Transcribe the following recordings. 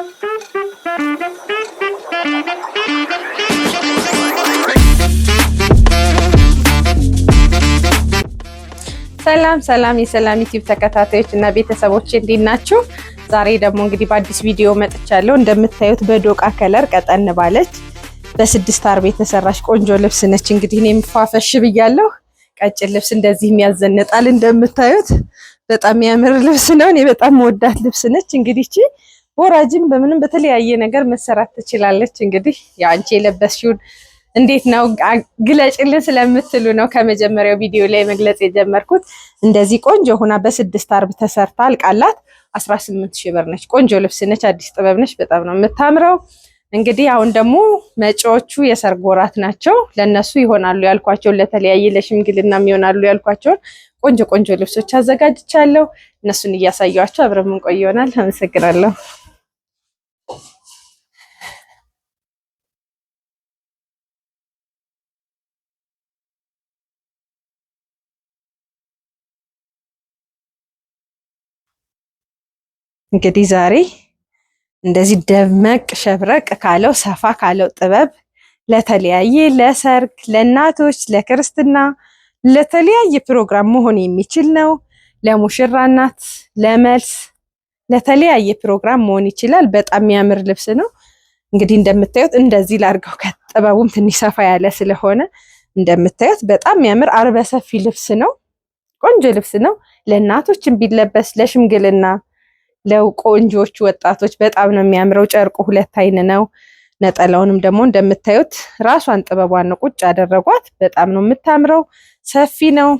ሰላም ሰላም የሰላም ዩቲዩብ ተከታታዮች እና ቤተሰቦች እንዴት ናችሁ? ዛሬ ደግሞ እንግዲህ በአዲስ ቪዲዮ መጥቻለሁ። እንደምታዩት በዶቃ ከለር ቀጠን ባለች በስድስት አርብ የተሰራች ቆንጆ ልብስ ነች። እንግዲህ እኔም ፋፈሽ ብያለሁ። ቀጭን ልብስ እንደዚህ የሚያዘነጣል። እንደምታዩት በጣም የሚያምር ልብስ ነው። እኔ በጣም መወዳት ልብስ ነች። እንግዲህ ወራጅም በምንም በተለያየ ነገር መሰራት ትችላለች። እንግዲህ የአንቺ የለበስሽውን እንዴት ነው ግለጭልን ስለምትሉ ነው ከመጀመሪያው ቪዲዮ ላይ መግለጽ የጀመርኩት። እንደዚህ ቆንጆ ሆና በስድስት አርብ ተሰርታ አልቃላት 18 ሺህ ብር ነች። ቆንጆ ልብስ ነች። አዲስ ጥበብ ነች። በጣም ነው የምታምረው። እንግዲህ አሁን ደግሞ መጪዎቹ የሰርግ ወራት ናቸው። ለነሱ ይሆናሉ ያልኳቸውን ለተለያየ ለሽምግልናም ይሆናሉ ያልኳቸውን ቆንጆ ቆንጆ ልብሶች አዘጋጅቻለሁ። እነሱን እያሳያችሁ አብረን ምንቆይ ይሆናል። አመሰግናለሁ። እንግዲህ ዛሬ እንደዚህ ደመቅ ሸብረቅ ካለው ሰፋ ካለው ጥበብ ለተለያየ ለሰርግ፣ ለእናቶች፣ ለክርስትና፣ ለተለያየ ፕሮግራም መሆን የሚችል ነው። ለሙሽራ እናት፣ ለመልስ፣ ለተለያየ ፕሮግራም መሆን ይችላል። በጣም የሚያምር ልብስ ነው። እንግዲህ እንደምታዩት እንደዚህ ላርገው ከጥበቡም ትንሽ ሰፋ ያለ ስለሆነ እንደምታዩት በጣም የሚያምር አርበሰፊ ልብስ ነው። ቆንጆ ልብስ ነው። ለእናቶችን ቢለበስ ለሽምግልና ለቆንጆቹ ወጣቶች በጣም ነው የሚያምረው። ጨርቁ ሁለት አይን ነው። ነጠላውንም ደግሞ እንደምታዩት ራሷን ጥበቧን ነው ቁጭ ያደረጓት። በጣም ነው የምታምረው። ሰፊ ነው።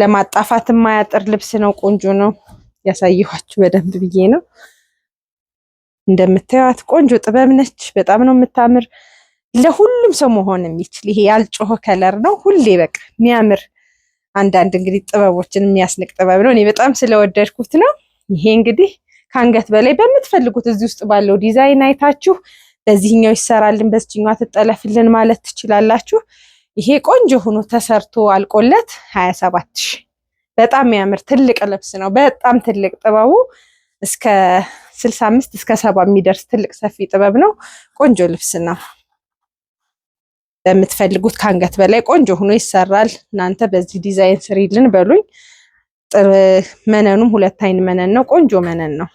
ለማጣፋት የማያጥር ልብስ ነው። ቆንጆ ነው። ያሳየኋችሁ በደንብ ብዬ ነው። እንደምታዩት ቆንጆ ጥበብ ነች። በጣም ነው የምታምር። ለሁሉም ሰው መሆን የሚችል ይሄ ያልጮኸ ከለር ነው። ሁሌ በቃ የሚያምር አንዳንድ እንግዲህ ጥበቦችን የሚያስንቅ ጥበብ ነው። እኔ በጣም ስለወደድኩት ነው። ይሄ እንግዲህ ከአንገት በላይ በምትፈልጉት እዚህ ውስጥ ባለው ዲዛይን አይታችሁ በዚህኛው ይሰራልን በዚህኛው ትጠለፍልን ማለት ትችላላችሁ። ይሄ ቆንጆ ሆኖ ተሰርቶ አልቆለት ሀያ ሰባት በጣም የሚያምር ትልቅ ልብስ ነው። በጣም ትልቅ ጥበቡ እስከ ስልሳ አምስት እስከ ሰባ የሚደርስ ትልቅ ሰፊ ጥበብ ነው። ቆንጆ ልብስ ነው። በምትፈልጉት ከአንገት በላይ ቆንጆ ሆኖ ይሰራል። እናንተ በዚህ ዲዛይን ስሪልን በሉኝ። መነኑም ሁለት አይን መነን ነው፣ ቆንጆ መነን ነው።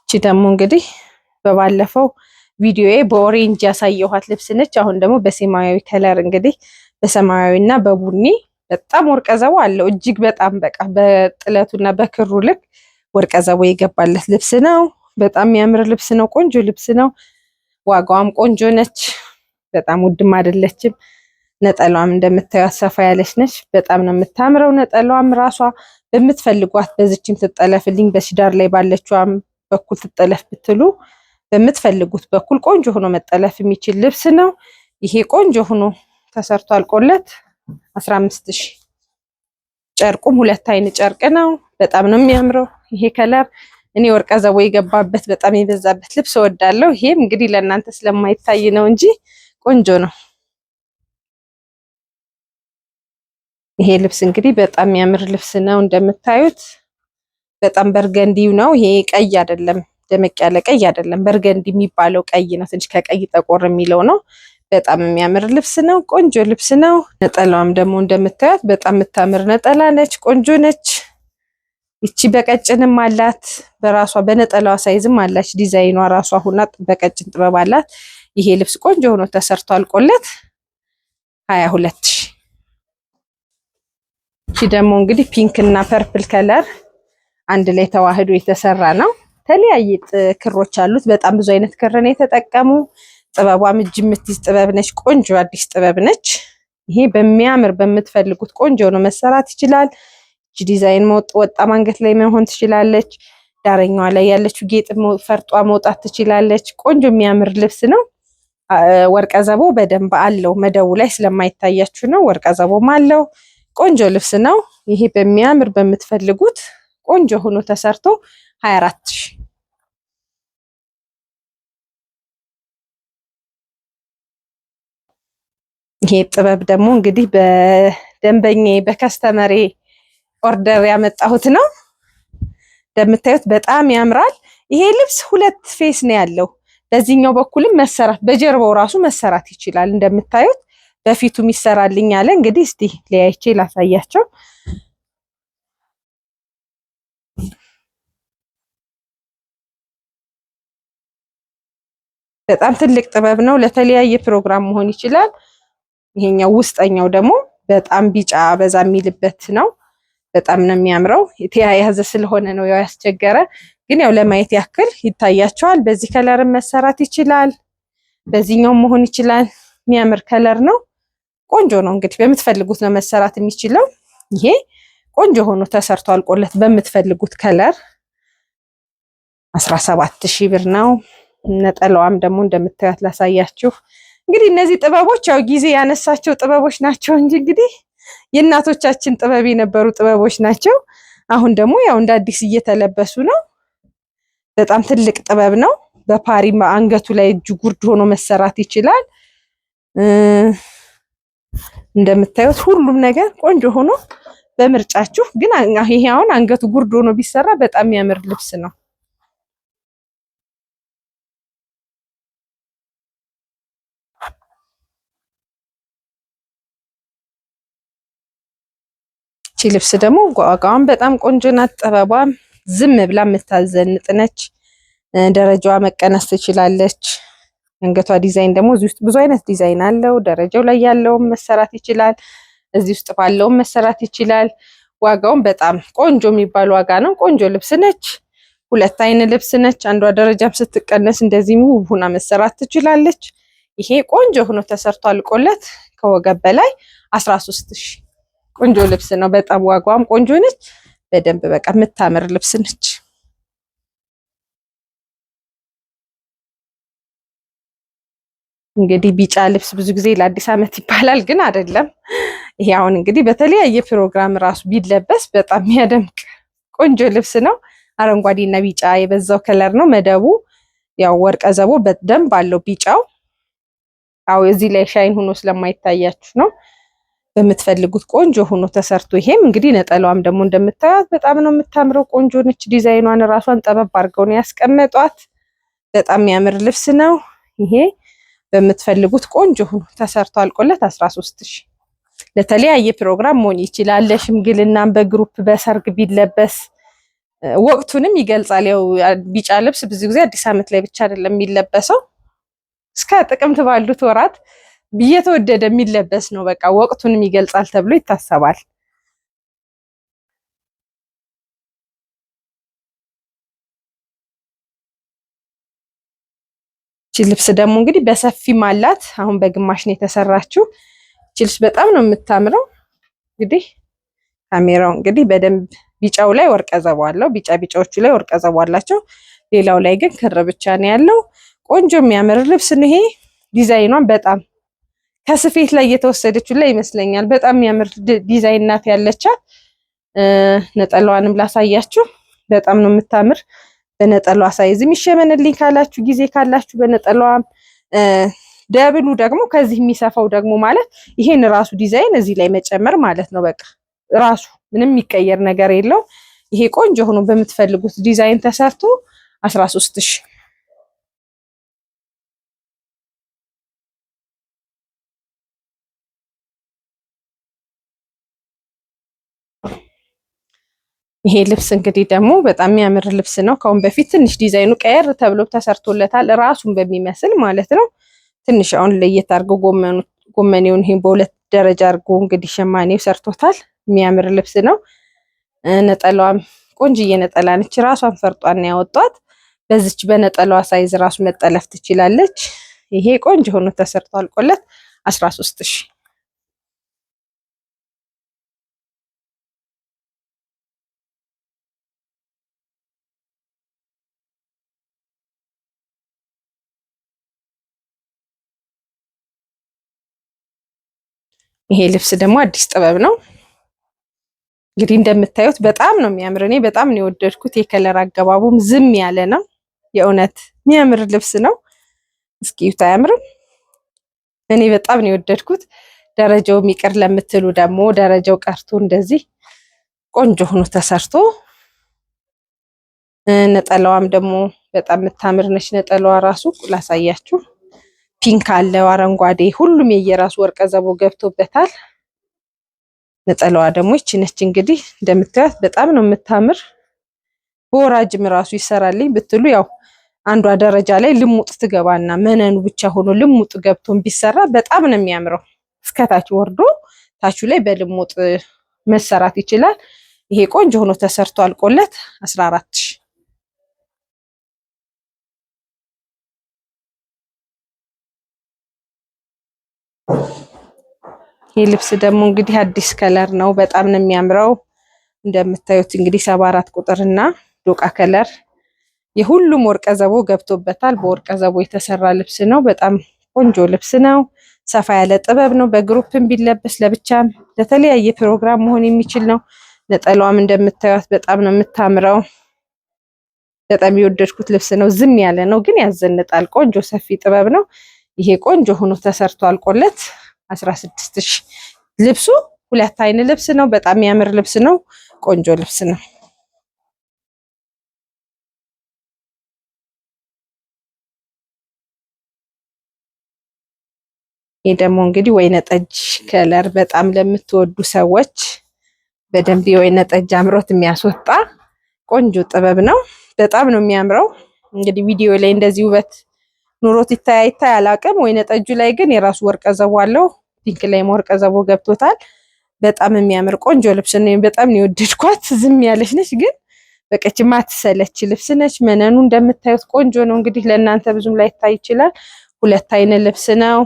እቺ ደግሞ እንግዲህ በባለፈው ቪዲዮ በኦሬንጅ ያሳየኋት ልብስ ነች። አሁን ደግሞ በሰማያዊ ከለር እንግዲህ በሰማያዊ እና በቡኒ በጣም ወርቀ ዘቡ አለው እጅግ በጣም በቃ በጥለቱና በክሩ ልክ ወርቀ ዘቦ የገባለት ልብስ ነው። በጣም የሚያምር ልብስ ነው። ቆንጆ ልብስ ነው። ዋጋዋም ቆንጆ ነች። በጣም ውድም አይደለችም። ነጠላዋም እንደምታዩት ሰፋ ያለች ነች። በጣም ነው የምታምረው። ነጠላዋም ራሷ በምትፈልጓት በዚችም ትጠለፍልኝ፣ በሲዳር ላይ ባለችዋም በኩል ትጠለፍ ብትሉ በምትፈልጉት በኩል ቆንጆ ሆኖ መጠለፍ የሚችል ልብስ ነው። ይሄ ቆንጆ ሆኖ ተሰርቶ አልቆለት 15 ሺህ ጨርቁም ሁለት አይን ጨርቅ ነው። በጣም ነው የሚያምረው ይሄ ከለር። እኔ ወርቀ ዘቦ የገባበት በጣም የበዛበት ልብስ እወዳለሁ። ይሄም እንግዲህ ለእናንተ ስለማይታይ ነው እንጂ ቆንጆ ነው። ይሄ ልብስ እንግዲህ በጣም የሚያምር ልብስ ነው። እንደምታዩት በጣም በርገንዲው ነው። ይሄ ቀይ አይደለም፣ ደመቅ ያለ ቀይ አይደለም። በርገንዲ የሚባለው ቀይ ነው። ትንሽ ከቀይ ጠቆር የሚለው ነው። በጣም የሚያምር ልብስ ነው። ቆንጆ ልብስ ነው። ነጠላዋም ደግሞ እንደምታዩት በጣም የምታምር ነጠላ ነች። ቆንጆ ነች። ይቺ በቀጭንም አላት። በራሷ በነጠላዋ ሳይዝም አላች። ዲዛይኗ ራሷ ሁና በቀጭን ጥበብ አላት። ይሄ ልብስ ቆንጆ ሆኖ ተሰርቶ አልቆለት ሀያ ሁለት ሺ። ይቺ ደግሞ እንግዲህ ፒንክ እና ፐርፕል ከለር አንድ ላይ ተዋህዶ የተሰራ ነው። የተለያየ ክሮች አሉት። በጣም ብዙ አይነት ክር ነው የተጠቀሙ ጥበቧም እጅ የምትይዝ ጥበብ ነች። ቆንጆ አዲስ ጥበብ ነች። ይሄ በሚያምር በምትፈልጉት ቆንጆ ነው መሰራት ይችላል። እጅ ዲዛይን ወጣ ማንገት ላይ መሆን ትችላለች። ዳረኛዋ ላይ ያለችው ጌጥ ፈርጧ መውጣት ትችላለች። ቆንጆ የሚያምር ልብስ ነው። ወርቀ ዘቦ በደንብ አለው። መደቡ ላይ ስለማይታያችሁ ነው። ወርቀ ዘቦም አለው። ቆንጆ ልብስ ነው። ይሄ በሚያምር በምትፈልጉት ቆንጆ ሆኖ ተሰርቶ 24 ሺህ ይሄ ጥበብ ደግሞ እንግዲህ በደንበኛ በከስተመሬ ኦርደር ያመጣሁት ነው። እንደምታዩት በጣም ያምራል። ይሄ ልብስ ሁለት ፌስ ነው ያለው። በዚህኛው በኩልም መሰራት በጀርባው ራሱ መሰራት ይችላል። እንደምታዩት በፊቱም ይሰራልኝ አለ። እንግዲህ እስቲ ለያይቼ ላሳያቸው። በጣም ትልቅ ጥበብ ነው። ለተለያየ ፕሮግራም መሆን ይችላል። ይሄኛው ውስጠኛው ደግሞ በጣም ቢጫ በዛ የሚልበት ነው። በጣም ነው የሚያምረው። የተያያዘ ስለሆነ ነው ያው ያስቸገረ፣ ግን ያው ለማየት ያክል ይታያቸዋል። በዚህ ከለርም መሰራት ይችላል፣ በዚህኛው መሆን ይችላል። የሚያምር ከለር ነው። ቆንጆ ነው። እንግዲህ በምትፈልጉት ነው መሰራት የሚችለው። ይሄ ቆንጆ ሆኖ ተሰርቶ አልቆለት በምትፈልጉት ከለር 17 ሺህ ብር ነው። ነጠላዋም ደግሞ እንደምታያት ላሳያችሁ እንግዲህ እነዚህ ጥበቦች ያው ጊዜ ያነሳቸው ጥበቦች ናቸው እንጂ እንግዲህ የእናቶቻችን ጥበብ የነበሩ ጥበቦች ናቸው። አሁን ደግሞ ያው እንደ አዲስ እየተለበሱ ነው። በጣም ትልቅ ጥበብ ነው። በፓሪ አንገቱ ላይ እጅ ጉርድ ሆኖ መሰራት ይችላል። እንደምታዩት ሁሉም ነገር ቆንጆ ሆኖ በምርጫችሁ ግን ይሄ አሁን አንገቱ ጉርድ ሆኖ ቢሰራ በጣም የሚያምር ልብስ ነው። እቺ ልብስ ደግሞ ዋጋዋም በጣም ቆንጆ ናት። ጥበቧም ዝም ብላ የምታዘንጥ ነች። ደረጃዋ መቀነስ ትችላለች። አንገቷ ዲዛይን ደግሞ እዚህ ውስጥ ብዙ አይነት ዲዛይን አለው። ደረጃው ላይ ያለውም መሰራት ይችላል። እዚህ ውስጥ ባለውም መሰራት ይችላል። ዋጋውም በጣም ቆንጆ የሚባል ዋጋ ነው። ቆንጆ ልብስ ነች። ሁለት አይን ልብስ ነች። አንዷ ደረጃም ስትቀነስ እንደዚህ ውብ ሁና መሰራት ትችላለች። ይሄ ቆንጆ ሆኖ ተሰርቶ አልቆለት ከወገብ በላይ 13 ሺህ ቆንጆ ልብስ ነው። በጣም ዋጋዋም ቆንጆ ነች። በደንብ በቃ የምታምር ልብስ ነች። እንግዲህ ቢጫ ልብስ ብዙ ጊዜ ለአዲስ ዓመት ይባላል፣ ግን አይደለም። ይሄ አሁን እንግዲህ በተለያየ ፕሮግራም ራሱ ቢለበስ በጣም የሚያደምቅ ቆንጆ ልብስ ነው። አረንጓዴ እና ቢጫ የበዛው ከለር ነው። መደቡ ያው ወርቀ ዘቦ በደንብ አለው ቢጫው። አዎ እዚህ ላይ ሻይን ሆኖ ስለማይታያችሁ ነው። በምትፈልጉት ቆንጆ ሆኖ ተሰርቶ ይሄም እንግዲህ ነጠላዋም ደግሞ እንደምታዩት በጣም ነው የምታምረው። ቆንጆ ነች። ዲዛይኗን ራሷን ጠበብ አድርገው ነው ያስቀመጧት። በጣም የሚያምር ልብስ ነው ይሄ። በምትፈልጉት ቆንጆ ሆኖ ተሰርቶ አልቆለት 13 ሺ ለተለያየ ፕሮግራም መሆን ይችላል። ለሽምግልናም በግሩፕ በሰርግ ቢለበስ ወቅቱንም ይገልጻል። ያው ቢጫ ልብስ ብዙ ጊዜ አዲስ ዓመት ላይ ብቻ አይደለም የሚለበሰው እስከ ጥቅምት ባሉት ወራት እየተወደደ የሚለበስ ነው። በቃ ወቅቱንም ይገልጻል ተብሎ ይታሰባል። ይቺ ልብስ ደግሞ እንግዲህ በሰፊ አላት። አሁን በግማሽ ነው የተሰራችው። ይቺ ልብስ በጣም ነው የምታምረው። እንግዲህ ካሜራው እንግዲህ በደንብ ቢጫው ላይ ወርቀ ዘቦ አለው። ቢጫ ቢጫዎቹ ላይ ወርቀ ዘቦ አላቸው። ሌላው ላይ ግን ክር ብቻ ነው ያለው። ቆንጆ የሚያምር ልብስ ነው ይሄ። ዲዛይኗን በጣም ከስፌት ላይ እየተወሰደችው ላይ ይመስለኛል። በጣም የሚያምር ዲዛይን ናት ያለቻት። ነጠላዋንም ላሳያችሁ። በጣም ነው የምታምር። በነጠላዋ ሳይዝ የሚሸመንልኝ ካላችሁ ጊዜ ካላችሁ በነጠላዋ ደብሉ ደግሞ ከዚህ የሚሰፋው ደግሞ ማለት ይሄን ራሱ ዲዛይን እዚህ ላይ መጨመር ማለት ነው። በቃ ራሱ ምንም የሚቀየር ነገር የለው። ይሄ ቆንጆ ሆኖ በምትፈልጉት ዲዛይን ተሰርቶ አስራ ሶስት ሺህ ይሄ ልብስ እንግዲህ ደግሞ በጣም የሚያምር ልብስ ነው። ከአሁን በፊት ትንሽ ዲዛይኑ ቀየር ተብሎ ተሰርቶለታል፣ ራሱን በሚመስል ማለት ነው። ትንሽ አሁን ለየት አርገ ጎመኔውን ይህን በሁለት ደረጃ አድርጎ እንግዲህ ሸማኔው ሰርቶታል። የሚያምር ልብስ ነው። ነጠላዋም ቆንጅዬ ነጠላ ነች። ራሷን ፈርጧን ያወጧት። በዚች በነጠላዋ ሳይዝ ራሱ መጠለፍ ትችላለች። ይሄ ቆንጆ ሆኖ ተሰርቶ አልቆለት 13 ሺህ ይሄ ልብስ ደግሞ አዲስ ጥበብ ነው። እንግዲህ እንደምታዩት በጣም ነው የሚያምር። እኔ በጣም ነው የወደድኩት። የከለር አገባቡም ዝም ያለ ነው። የእውነት የሚያምር ልብስ ነው። እስኪ እዩት፣ አያምርም? እኔ በጣም ነው የወደድኩት። ደረጃው የሚቀር ለምትሉ ደግሞ ደረጃው ቀርቶ እንደዚህ ቆንጆ ሆኖ ተሰርቶ ነጠላዋም ደግሞ በጣም የምታምር ነች። ነጠላዋ ራሱ ላሳያችሁ ፒንክ አለው፣ አረንጓዴ፣ ሁሉም የየራሱ ወርቀ ዘቦ ገብቶበታል። ነጠላዋ ደግሞ ይቺ ነች። እንግዲህ እንደምታዩት በጣም ነው የምታምር። በወራጅም ራሱ ይሰራልኝ ብትሉ ያው አንዷ ደረጃ ላይ ልሙጥ ትገባና መነኑ ብቻ ሆኖ ልሙጥ ገብቶን ቢሰራ በጣም ነው የሚያምረው። እስከታች ወርዶ ታቹ ላይ በልሙጥ መሰራት ይችላል። ይሄ ቆንጆ ሆኖ ተሰርቶ አልቆለት 14 ሺህ ይህ ልብስ ደግሞ እንግዲህ አዲስ ከለር ነው። በጣም ነው የሚያምረው። እንደምታዩት እንግዲህ ሰባ አራት ቁጥር እና ዶቃ ከለር የሁሉም ወርቀ ዘቦ ገብቶበታል። በወርቀ ዘቦ የተሰራ ልብስ ነው። በጣም ቆንጆ ልብስ ነው። ሰፋ ያለ ጥበብ ነው። በግሩፕም ቢለበስ ለብቻም ለተለያየ ፕሮግራም መሆን የሚችል ነው። ነጠላዋም እንደምታዩት በጣም ነው የምታምረው። በጣም የወደድኩት ልብስ ነው። ዝም ያለ ነው ግን ያዘንጣል። ቆንጆ ሰፊ ጥበብ ነው። ይሄ ቆንጆ ሆኖ ተሰርቶ አልቆለት 16 ሺህ ልብሱ ሁለት አይን ልብስ ነው። በጣም የሚያምር ልብስ ነው። ቆንጆ ልብስ ነው። ይህ ደግሞ እንግዲህ ወይነ ጠጅ ከለር በጣም ለምትወዱ ሰዎች በደንብ የወይነ ጠጅ አምሮት የሚያስወጣ ቆንጆ ጥበብ ነው። በጣም ነው የሚያምረው። እንግዲህ ቪዲዮ ላይ እንደዚህ ውበት ኑሮት ይታይ ይታይ ወይነ ጠጁ ላይ ግን የራሱ ወርቀ ዘቦ አለው። ፒንክ ላይ ወርቀ ዘቦ ገብቶታል። በጣም የሚያምር ቆንጆ ልብስ ነው። በጣም ነው የወደድኳት። ዝም ያለች ነች ግን በቀች ማትሰለች ልብስ ነች። መነኑ እንደምታዩት ቆንጆ ነው። እንግዲህ ለእናንተ ብዙም ላይታይ ይችላል። ሁለት አይነት ልብስ ነው።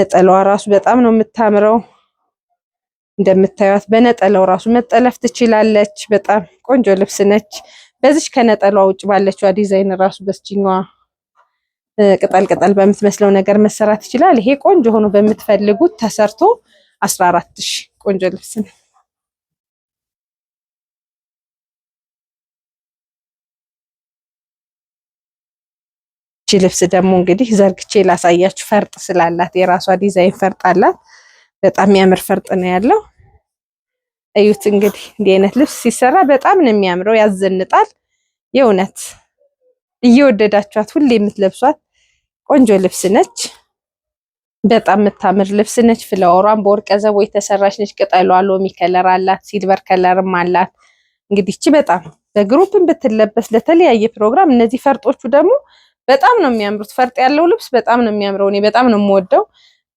ነጠላዋ ራሱ በጣም ነው የምታምረው። እንደምታዩት በነጠላው ራሱ መጠለፍ ትችላለች። በጣም ቆንጆ ልብስ ነች። በዚች ከነጠላዋ ውጭ ባለችዋ ዲዛይን ራሱ በስችኛዋ ቅጠል ቅጠል በምትመስለው ነገር መሰራት ይችላል። ይሄ ቆንጆ ሆኖ በምትፈልጉት ተሰርቶ 14 ሺ ቆንጆ ልብስ ነው። ይቺ ልብስ ደግሞ እንግዲህ ዘርግቼ ላሳያችሁ። ፈርጥ ስላላት የራሷ ዲዛይን ፈርጥ አላት። በጣም የሚያምር ፈርጥ ነው ያለው። እዩት እንግዲህ እንዲህ አይነት ልብስ ሲሰራ በጣም ነው የሚያምረው፣ ያዘንጣል። የእውነት እየወደዳችኋት ሁሌ የምትለብሷት ቆንጆ ልብስ ነች። በጣም የምታምር ልብስ ነች። ፍለወሯን በወርቀ ዘቦ የተሰራች ነች። ቅጠሏ ሎሚ ከለር አላት፣ ሲልቨር ከለርም አላት። እንግዲህ በጣም በግሩፕን ብትለበስ ለተለያየ ፕሮግራም። እነዚህ ፈርጦቹ ደግሞ በጣም ነው የሚያምሩት። ፈርጥ ያለው ልብስ በጣም ነው የሚያምረው። እኔ በጣም ነው የምወደው።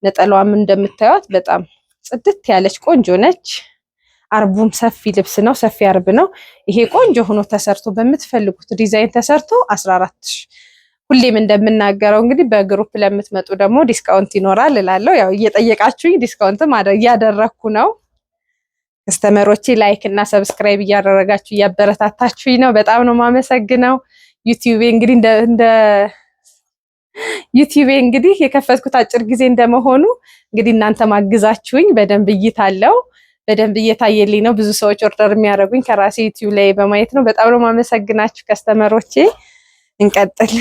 ነጠላዋም እንደምታዩት በጣም ጽድት ያለች ቆንጆ ነች። አርቡም ሰፊ ልብስ ነው፣ ሰፊ አርብ ነው። ይሄ ቆንጆ ሆኖ ተሰርቶ በምትፈልጉት ዲዛይን ተሰርቶ 14 ሁሌም እንደምናገረው እንግዲህ በግሩፕ ለምትመጡ ደግሞ ዲስካውንት ይኖራል እላለሁ። ያው እየጠየቃችሁኝ ዲስካውንትም እያደረግኩ ነው። ከስተመሮቼ ላይክ እና ሰብስክራይብ እያደረጋችሁ እያበረታታችሁኝ ነው። በጣም ነው ማመሰግነው። ዩቲዩቤ እንግዲህ እንደ ዩቲዩቤ እንግዲህ የከፈትኩት አጭር ጊዜ እንደመሆኑ እንግዲህ እናንተ ማግዛችሁኝ በደንብ እይታለው በደንብ እየታየልኝ ነው። ብዙ ሰዎች ኦርደር የሚያደርጉኝ ከራሴ ዩቲዩብ ላይ በማየት ነው። በጣም ነው ማመሰግናችሁ ከስተመሮቼ። እንቀጥል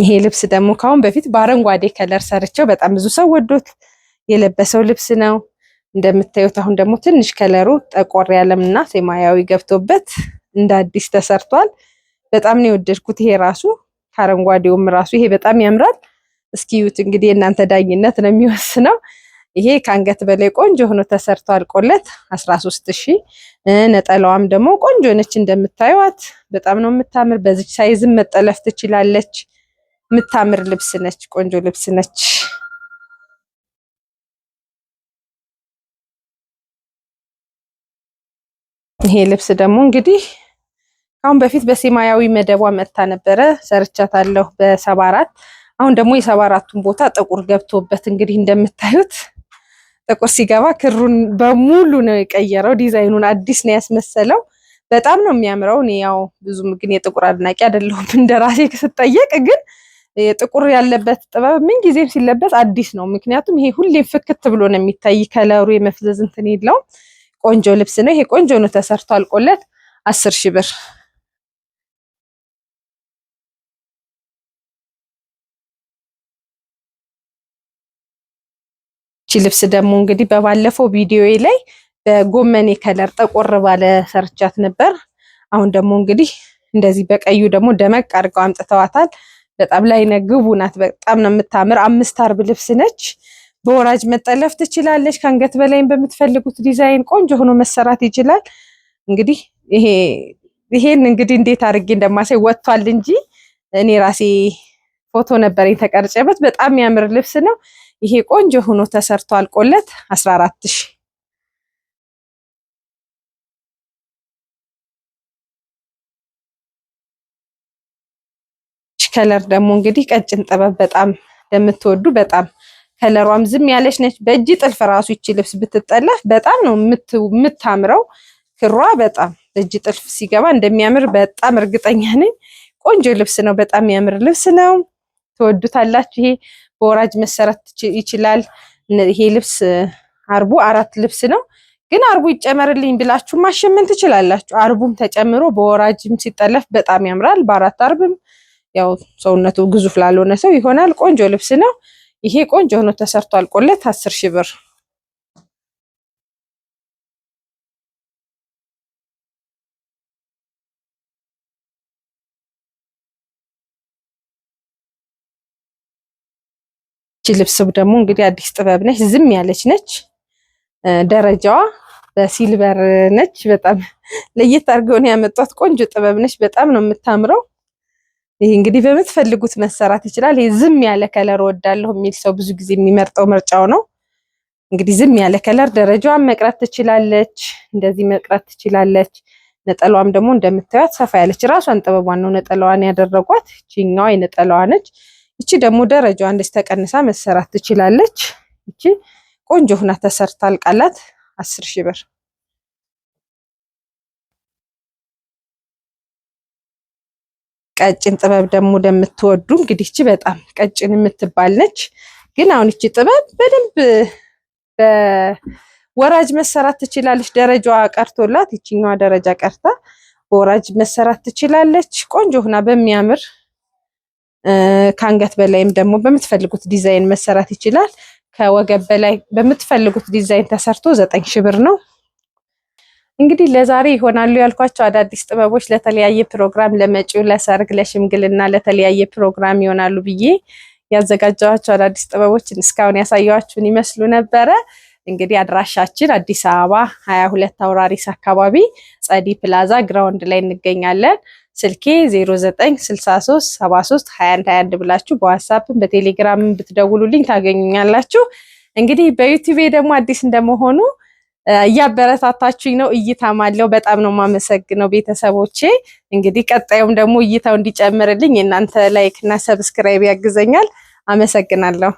ይሄ ልብስ ደግሞ ከአሁን በፊት በአረንጓዴ ከለር ሰርቸው በጣም ብዙ ሰው ወዶት የለበሰው ልብስ ነው። እንደምታዩት አሁን ደግሞ ትንሽ ከለሩ ጠቆር ያለምና ሰማያዊ ገብቶበት እንደ አዲስ ተሰርቷል። በጣም ነው የወደድኩት። ይሄ ራሱ ከአረንጓዴውም ራሱ ይሄ በጣም ያምራል። እስኪዩት እንግዲህ የእናንተ ዳኝነት ነው የሚወስነው። ይሄ ከአንገት በላይ ቆንጆ ሆኖ ተሰርቶ አልቆለት 13 ሺህ። ነጠላዋም ደግሞ ቆንጆ ነች እንደምታዩት በጣም ነው የምታምር። በዚች ሳይዝም መጠለፍ ትችላለች። የምታምር ልብስ ነች። ቆንጆ ልብስ ነች። ይሄ ልብስ ደግሞ እንግዲህ አሁን በፊት በሰማያዊ መደቧ መታ ነበረ ሰርቻታለሁ በሰባ አራት አሁን ደግሞ የሰባ አራቱን ቦታ ጥቁር ገብቶበት እንግዲህ እንደምታዩት ጥቁር ሲገባ ክሩን በሙሉ ነው የቀየረው። ዲዛይኑን አዲስ ነው ያስመሰለው። በጣም ነው የሚያምረው። እኔ ያው ብዙም ግን የጥቁር አድናቂ አይደለሁም እንደራሴ ስጠየቅ ግን ጥቁር ያለበት ጥበብ ምን ጊዜም ሲለበስ አዲስ ነው። ምክንያቱም ይሄ ሁሌም ፍክት ብሎ ነው የሚታይ። ከለሩ የመፍዘዝ እንትን የለውም። ቆንጆ ልብስ ነው። ይሄ ቆንጆ ነው ተሰርቶ አልቆለት አስር ሺህ ብር ልብስ ደግሞ እንግዲህ በባለፈው ቪዲዮ ላይ በጎመኔ ከለር ጠቆር ባለ ሰርቻት ነበር። አሁን ደግሞ እንግዲህ እንደዚህ በቀዩ ደግሞ ደመቅ አድርገው አምጥተዋታል። በጣም ላይነ ግቡ ናት። በጣም ነው የምታምር። አምስት አርብ ልብስ ነች። በወራጅ መጠለፍ ትችላለች። ከአንገት በላይም በምትፈልጉት ዲዛይን ቆንጆ ሆኖ መሰራት ይችላል። እንግዲህ ይሄ ይሄን እንግዲህ እንዴት አድርጌ እንደማሳይ ወጥቷል እንጂ እኔ ራሴ ፎቶ ነበረኝ ተቀርጨበት። በጣም የሚያምር ልብስ ነው። ይሄ ቆንጆ ሆኖ ተሰርቷል። ቆለት 14 ሺህ ከለር ደግሞ እንግዲህ ቀጭን ጥበብ በጣም ለምትወዱ በጣም ከለሯም ዝም ያለች ነች። በእጅ ጥልፍ ራሱ ይቺ ልብስ ብትጠለፍ በጣም ነው የምታምረው። ክሯ በጣም በእጅ ጥልፍ ሲገባ እንደሚያምር በጣም እርግጠኛ ነኝ። ቆንጆ ልብስ ነው። በጣም የሚያምር ልብስ ነው። ትወዱታላችሁ። ይሄ በወራጅ መሰረት ይችላል። ይሄ ልብስ አርቡ አራት ልብስ ነው። ግን አርቡ ይጨመርልኝ ብላችሁ ማሸመን ትችላላችሁ። አርቡም ተጨምሮ በወራጅም ሲጠለፍ በጣም ያምራል። በአራት አርብም ያው ሰውነቱ ግዙፍ ላልሆነ ሰው ይሆናል። ቆንጆ ልብስ ነው። ይሄ ቆንጆ ሆኖ ተሰርቶ አልቆለት አስር ሺህ ብር ይቺ ልብስ ደግሞ እንግዲህ አዲስ ጥበብ ነች። ዝም ያለች ነች። ደረጃዋ በሲልቨር ነች። በጣም ለየት አድርገውን ያመጧት ቆንጆ ጥበብ ነች። በጣም ነው የምታምረው። ይሄ እንግዲህ በምትፈልጉት መሰራት ይችላል። ይሄ ዝም ያለ ከለር ወዳለሁ የሚል ሰው ብዙ ጊዜ የሚመርጠው ምርጫው ነው። እንግዲህ ዝም ያለ ከለር ደረጃዋን መቅረት ትችላለች፣ እንደዚህ መቅረት ትችላለች። ነጠላዋም ደግሞ እንደምታዩት ሰፋ ያለች ራሷን ጥበቧን ነው ነጠላዋን ያደረጓት። ይችኛዋ የነጠላዋ ነች። ይቺ ደግሞ ደረጃዋ እንደዚህ ተቀንሳ መሰራት ትችላለች። ይቺ ቆንጆ ሁና ተሰርታ አልቃላት አስር ሺህ ብር ቀጭን ጥበብ ደግሞ ደምትወዱ እንግዲህ እቺ በጣም ቀጭን የምትባል ነች። ግን አሁን እቺ ጥበብ በደንብ በወራጅ መሰራት ትችላለች። ደረጃዋ ቀርቶላት ይችኛዋ ደረጃ ቀርታ በወራጅ መሰራት ትችላለች። ቆንጆ ሁና በሚያምር ከአንገት በላይም ደግሞ በምትፈልጉት ዲዛይን መሰራት ይችላል። ከወገብ በላይ በምትፈልጉት ዲዛይን ተሰርቶ ዘጠኝ ሺ ብር ነው። እንግዲህ ለዛሬ ይሆናሉ ያልኳቸው አዳዲስ ጥበቦች ለተለያየ ፕሮግራም ለመጪው ለሰርግ፣ ለሽምግልና፣ ለተለያየ ፕሮግራም ይሆናሉ ብዬ ያዘጋጀኋቸው አዳዲስ ጥበቦችን እስካሁን ያሳየኋችሁን ይመስሉ ነበረ። እንግዲህ አድራሻችን አዲስ አበባ ሀያ ሁለት አውራሪስ አካባቢ ጸዲ ፕላዛ ግራውንድ ላይ እንገኛለን። ስልኬ 0963732121 ብላችሁ በዋትሳፕም በቴሌግራምም ብትደውሉልኝ ታገኙኛላችሁ። እንግዲህ በዩቲቤ ደግሞ አዲስ እንደመሆኑ እያበረታታችሁኝ ነው። እይታ ማለው በጣም ነው የማመሰግነው ቤተሰቦቼ። እንግዲህ ቀጣዩም ደግሞ እይታው እንዲጨምርልኝ እናንተ ላይክ እና ሰብስክራይብ ያግዘኛል። አመሰግናለሁ።